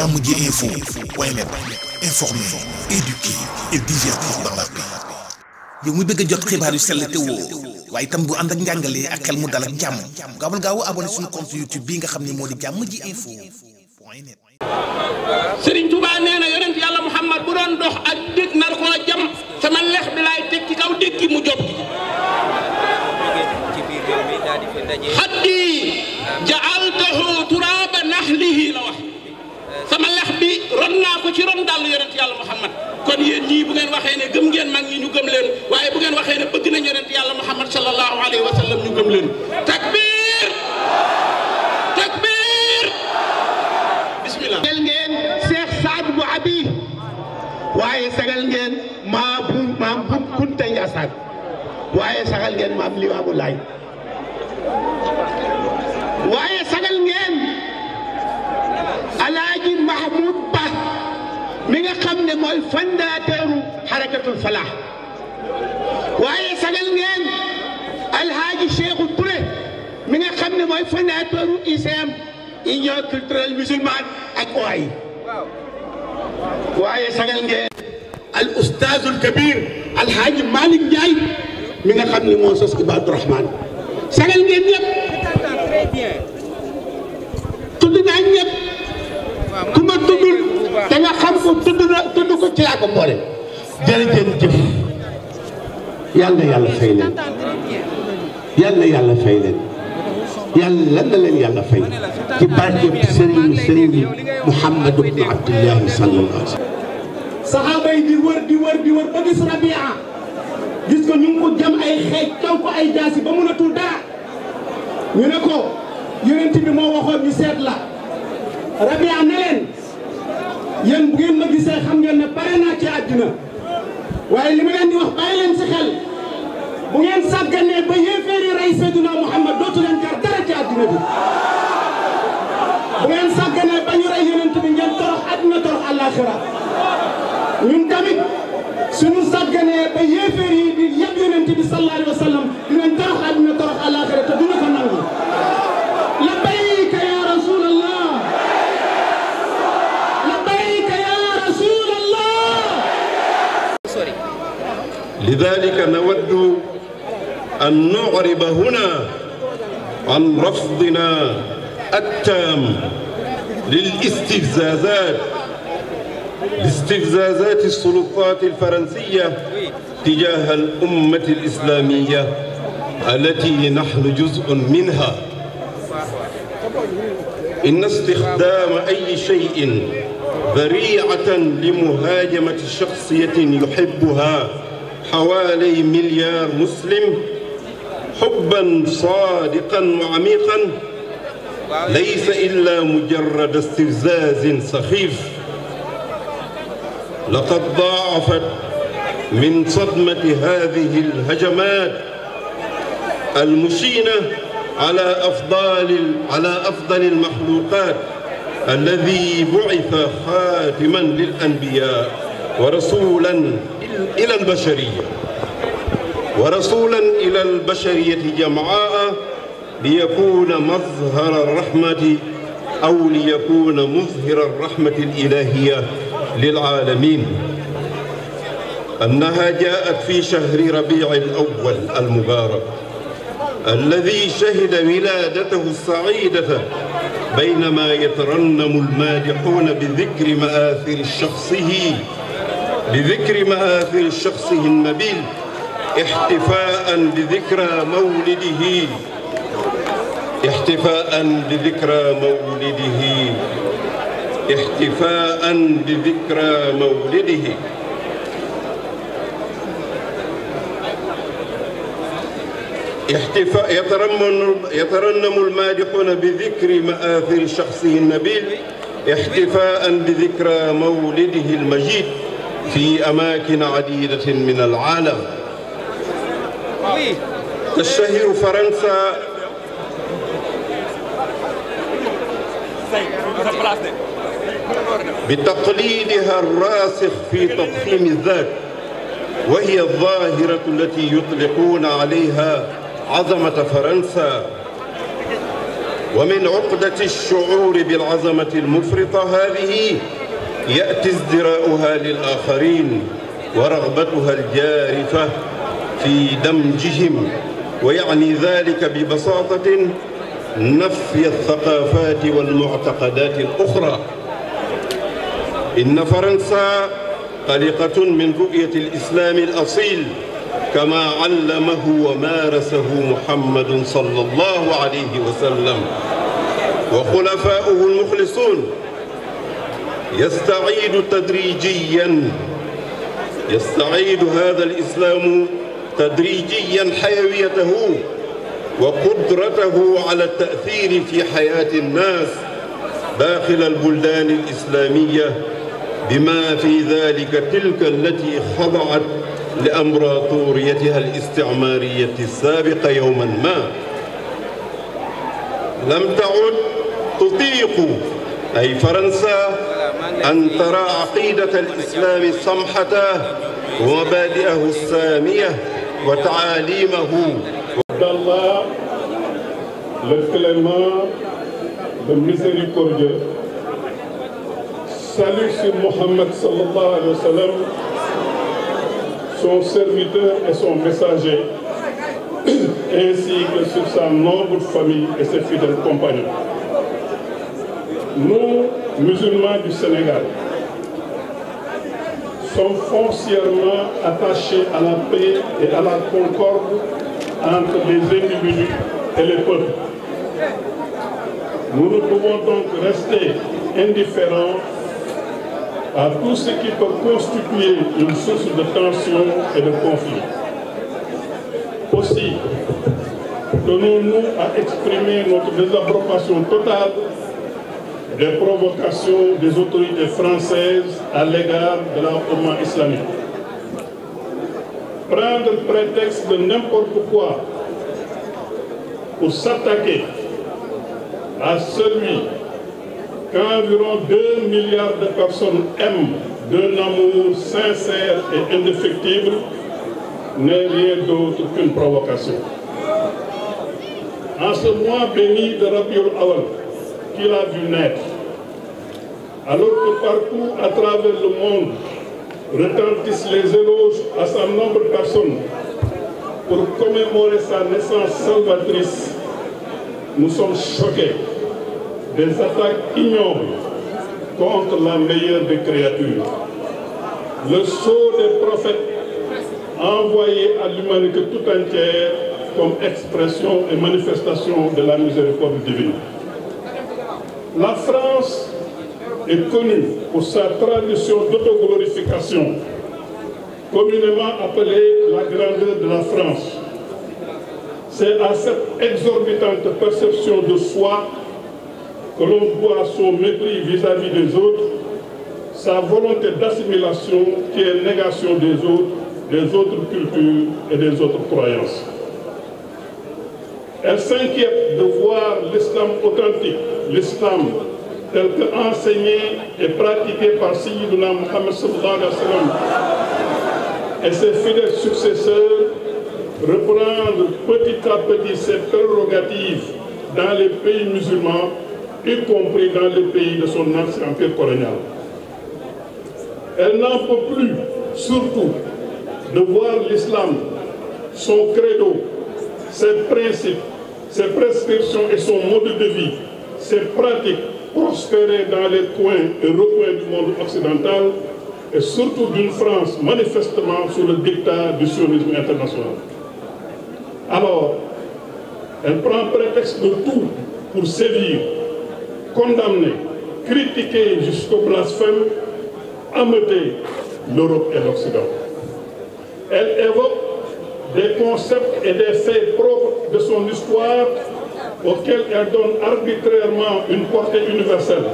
jàmm ji info waaye nag informer, éduquer et divertir dans la paix. a jot xibaar yu sell te woo waaye itam bu ànd ak njàngalee ak xel mu dal ak jàmm gaawal gaaw abonné suñu compte YouTube bii nga xam ne moo di jàmm ji info. Serigne xaddi jaaltahu turaaba naxlihi la wax. naa ko ci ron dàll yonent yàlla muhammad kon yéen ñii ngeen waxee ne gëm ngeen mag ñi ñu gëm leen waaye bu ngeen waxee ne bëgg nañ yonent sagal ngeen waaye sagal ngeen maam bu maam bu waaye sagal ngeen maam Limaamu Laay waaye sagal ngeen Alaaji Mahmoud mi nga xam ne mooy fondateur xarakatul falaax waaye sagal ngeen alhaaji Cheikhou Touré mi nga xam ne mooy fondateur ICM union culturelle musulmane ak OAI waaye sagal ngeen al oustazul kabir alhaaji Malick Ndiaye mi nga xam ne moo sos Ibaadu Rahmaan sagal ngeen ñëpp tudd naa ñëpp te nga xam ko tudd ko ci laa ko boole jërëjëf jëf yal na yàlla fay leen yal yàlla fay leen yàlla na leen yàlla fay ci barkeb sëriñ sëriñ bi Muhammadu bnu Abdillahi saxaaba yi di wër di wër di wër ba gis Rabia gis ko ñu ngi ko jam ay xeej taw ko ay jaasi ba mënatul dara ñu ne ko yonent bi moo waxoon ñu seet la àddina waaye li ma leen di wax bàyyi leen si xel bu ngeen sàgganee ba yéeféeri rey Seydina Muhammad dootu leen jar dara ci àddina bi bu ngeen sàgganee ba ñu rey yonent bi ngeen torox àddina torox àllaaxira ñun tamit suñu sàgganee ba yéeféer yi di yab yonent bi sallallahu alayhi wa لذلك نود أن نعرب هنا عن رفضنا التام للاستفزازات لاستفزازات السلطات الفرنسية تجاه الأمة الإسلامية التي نحن جزء منها إن استخدام أي شيء ذريعة لمهاجمة شخصية يحبها حوالي مليار مسلم حبا صادقا وعميقا ليس إلا مجرد استفزاز سخيف لقد ضاعفت من صدمة هذه الهجمات المشينة على أفضل على أفضل المخلوقات الذي بعث خاتما للأنبياء ورسولا إلى البشرية ورسولا إلى البشرية جمعاء ليكون مظهر الرحمة أو ليكون مظهر الرحمة الإلهية للعالمين أنها جاءت في شهر ربيع الأول المبارك الذي شهد ولادته السعيدة بينما يترنم المادحون بذكر مآثر شخصه بذكر مآثر شخصه النبيل احتفاء بذكرى مولده احتفاء بذكرى مولده احتفاء بذكرى مولده احتفاء يترنم يترنم المادحون بذكر مآثر شخصه النبيل احتفاء بذكرى مولده المجيد في أماكن عديدة من العالم تشتهر فرنسا بتقليدها الراسخ في تضخيم الذات وهي الظاهرة التي يطلقون عليها عظمة فرنسا ومن عقدة الشعور بالعظمة المفرطة هذه يأتي ازدراؤها للآخرين ورغبتها الجارفة في دمجهم ويعني ذلك ببساطة نفي الثقافات والمعتقدات الأخرى إن فرنسا قلقة من رؤية الإسلام الأصيل كما علمه ومارسه محمد صلى الله عليه وسلم وخلفاؤه المخلصون يستعيد تدريجيا يستعيد هذا الإسلام تدريجيا حيويته وقدرته على التأثير في حياة الناس داخل البلدان الإسلامية بما في ذلك تلك التي خضعت لأمبراطوريتها الاستعمارية السابقة يوما ما لم تعد تطيق أي فرنسا أن ترى عقيدة الإسلام سمحته ومبادئه السامية وتعاليمه d'Allah le clément le miséricordieux salut sur Mohammed sallallahu alayhi wa sallam son serviteur et son messager ainsi que musulmans du Sénégal sont foncièrement attachés à la paix et à la concorde entre les individus et les peuples. Nous ne pouvons donc rester indifférents à tout ce qui peut constituer une source de tension et de conflit. Aussi, tenons-nous à exprimer notre désapprobation totale des provocations des autorités françaises à l'égard de la Oumma islamique. Prendre prétexte de n'importe quoi pour s'attaquer à celui qu'environ 2 milliards de personnes aiment d'un amour sincère et indéfectible n'est rien d'autre qu'une provocation. En ce mois béni de Rabiul Awal, qu'il a vu naître, alors que partout à travers le monde retentissent les éloges à sa nombre de personnes pour commémorer sa naissance salvatrice, nous sommes choqués des attaques ignobles contre la meilleure des créatures. Le sceau des prophètes envoyé à l'humanité tout entière comme expression et manifestation de la miséricorde divine. est connu pour sa tradition d'autoglorification, communément appelée la grandeur de la France. C'est à cette exorbitante perception de soi que l'on doit son mépris vis-à-vis -vis des autres, sa volonté d'assimilation qui est négation des autres, des autres cultures et des autres croyances. Elle s'inquiète de voir l'islam authentique, l'islam tel et pratiqué par Sayyiduna Muhammad sallallahu alayhi wa sallam et ses fidèles successeurs reprendre petit à petit ses prérogatives dans les pays musulmans, y compris dans les pays de son ancien empire colonial. Elle n'en peut plus, surtout, de voir l'islam, son credo, ses principes, ses prescriptions et son mode de vie, ses pratiques dans les coins et recoins du monde occidental et surtout d'une France manifestement sous le dictat du sionisme international. Alors, elle prend prétexte de tout pour sévir, condamner, critiquer jusqu'au blasphème, ameuter l'Europe et l'Occident. Elle évoque des concepts et des faits propres de son histoire auquel elle donne arbitrairement une portée universelle.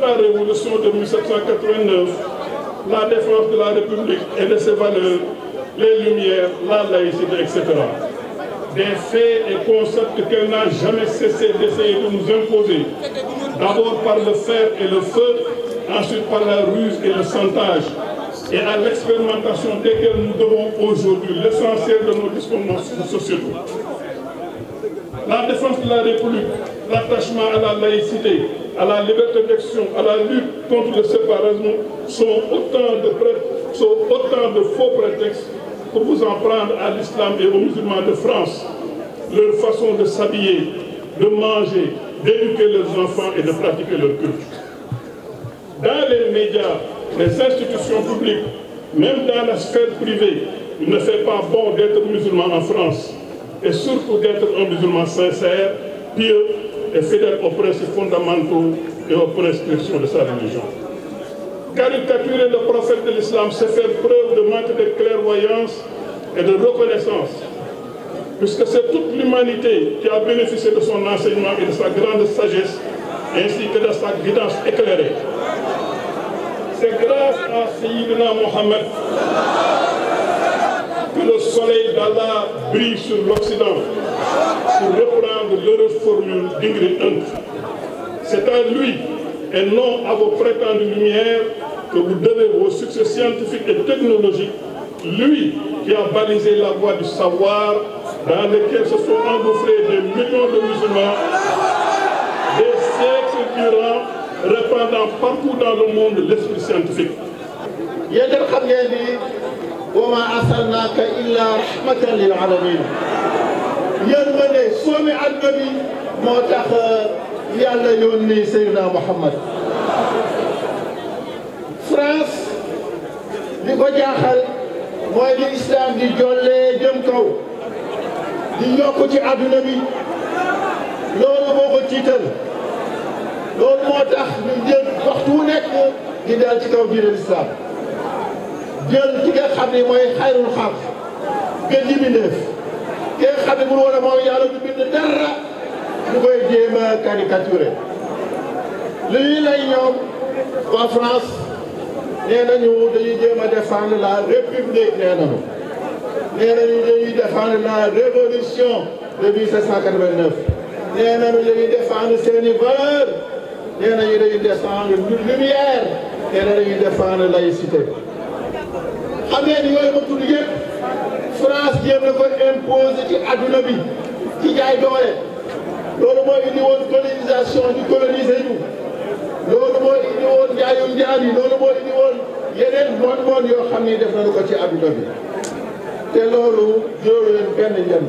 La révolution de 1789, la défense de la République et de ses valeurs, les Lumières, la laïcité, etc. Des faits et concepts qu'elle n'a jamais cessé d'essayer de nous imposer, d'abord par le fer et le feu, ensuite par la ruse et le santage, et à l'expérimentation desquels nous devons aujourd'hui l'essentiel de nos discours sociaux. la défense de la République, l'attachement à la laïcité, à la liberté d'action, à la lutte contre le séparatisme sont autant de faux prétextes pour vous en prendre à l'islam et aux musulmans de France. Leur façon de s'habiller, de manger, d'éduquer leurs enfants et de pratiquer leur culte. Dans les médias, les institutions publiques, même dans la sphère privée, il ne fait pas bon d'être musulman en France. et surtout d'être un musulman sincère, pieux et fidèle aux principes fondamentaux et aux prescriptions de sa religion. Caricaturer le prophète de l'islam, c'est faire preuve de manque de clairvoyance et de reconnaissance, puisque c'est toute l'humanité qui a bénéficié de son enseignement et de sa grande sagesse, ainsi que de sa guidance éclairée. C'est grâce à Sayyidina Mohammed que le soleil d'Allah brille sur l'Occident, pour reprendre l'heureuse formule d'Ingrid Hunt. C'est à lui, et non à vos prétendues lumières, que vous devez vos succès scientifiques et technologiques, lui qui a balisé la voie du savoir dans lequel se sont engouffrés des millions de musulmans, des siècles durant, répandant partout dans le monde l'esprit scientifique. arsalnaaka illaa rahmatan lil alamin yërmande soomi àdduna bi moo tax yàlla yónni Seydina Muhammad France li ko jaaxal mooy li islam di jollee jëm kaw di yokk ci àdduna bi loolu moo ko tiital loolu moo tax ñu jël waxtu wu nekk di dal ci kaw biir islam jël ki nga xam ne mooy xayrul xam gën ji bindeef ki bu woon a moom yàlla du bind dara ñu koy jéem a caricaturer lii lay ñoom waa France nee nañu dañuy jéem a défendre la république nee nañu nee nañu dañuy défendre la révolution de 1789 nee nañu dañuy défendre seeni valeur nee nañu dañuy xam ngeen ni yooyu ma tudd yëpp France jéem na ko imposer ci adduna bi ci jaay doole loolu mooy indi woon colonisation ñu coloniser ñu loolu mooy indi woon njaayum njaam yi loolu mooy indi yeneen moon moon yoo xam ni def nañu ko ci adduna bi te loolu juróom leen benn njëriñ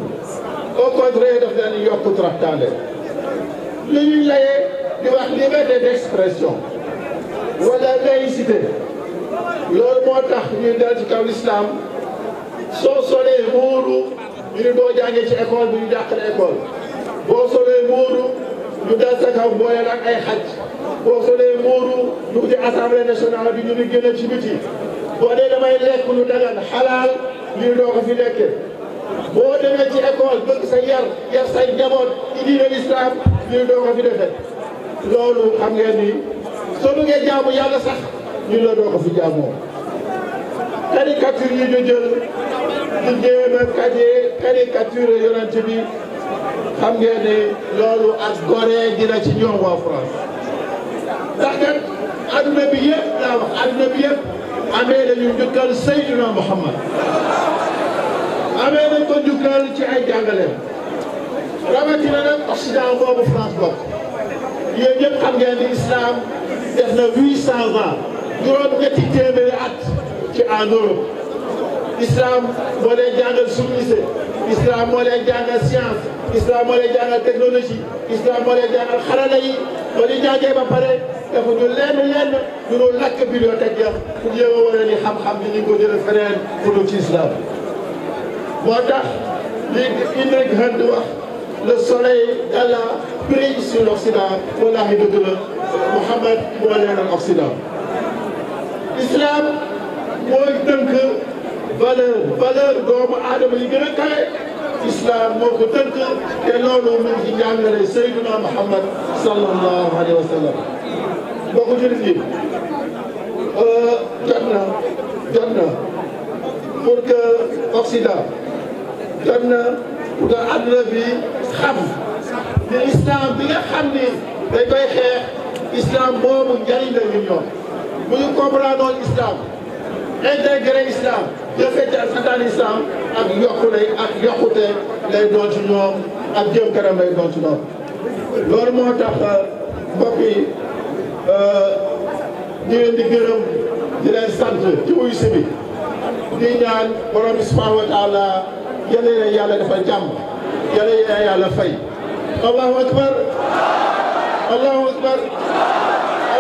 au contraire daf leen yokku traxtaande li ñuy layee di wax liberté d'expression wala laïcité loolu moo tax ñuy dal ci kaw lislaam soo solee muuru ñu ni boo jàngee ci école bi ñu jàq la école boo solee muuru ñu dal sa kaw boole ak ay xaj boo solee muuru ñu di assemblée nationale bi ñu ni génne ci biti boo dee damay lekk lu dagan xalaal ñu doo ko fi lekke boo demee ci école bëgg sa yar yar say njaboot ci diine lislaam ñu doo ko fi defe loolu xam ngeen ni soo bëggee jaamu yàlla sax ñu la doo ko jaamoo caricature yi ñu jël di jéem a kajee caricature yonent bi xam ngeen loolu ak goree dina ci ñoom waa France ndax kat adduna bi yëpp laa wax bi yëpp amee nañu njukkal Seydina Muhammad amee nañ ko njukkal ci ay jàngaleem rawatina nag Occident boobu France bokk yéen ñëpp xam ngeen ni def na huit cent ans juróom-ñetti téeméeri at ci en Europe islam moo leen jàngal soumise islam moo leen jàngal science islam moo leen jàngal technologie islam moo leen jàngal xarala yi ba ñu jàngee ba pare dafa ñu lenn lenn ñu doon lakk bibliothèque ya pour yéen a wane ni xam-xam bi ñu ngi ko jëlee feneen pour ci islam moo tax li Imre Guèye di wax le soleil d'Allah brille sur l'Occident wallaahi dëgg la Mouhamed moo leeral Occident. islam mooy tënk valeur valeur doomu aadama yi gën a kawe islam moo ko tënk te loolu mu ngi ci njàngale Seydina Muhammad sallallahu alayhi wa sallam boo ko jëlee nii jot na jot na pour que Occident jot na pour que àdduna bi xam ne islam bi nga xam ni dañ koy xeex islam boobu njëriñ la ñu ñoom. bu ñu comprendre woon islam intégré islam jëfee a santaan islam ak yokku lay ak yokkute lay doon ci ñoom ak jëm kanam lay doon ci ñoom loolu moo tax mbokk yi euh, ñu di gërëm di leen sant ci wuyu si bi di ñaan borom bi subhanahu wa taala yal na yàlla dafa jàmm yal na yàlla fay allahu akbar allahu akbar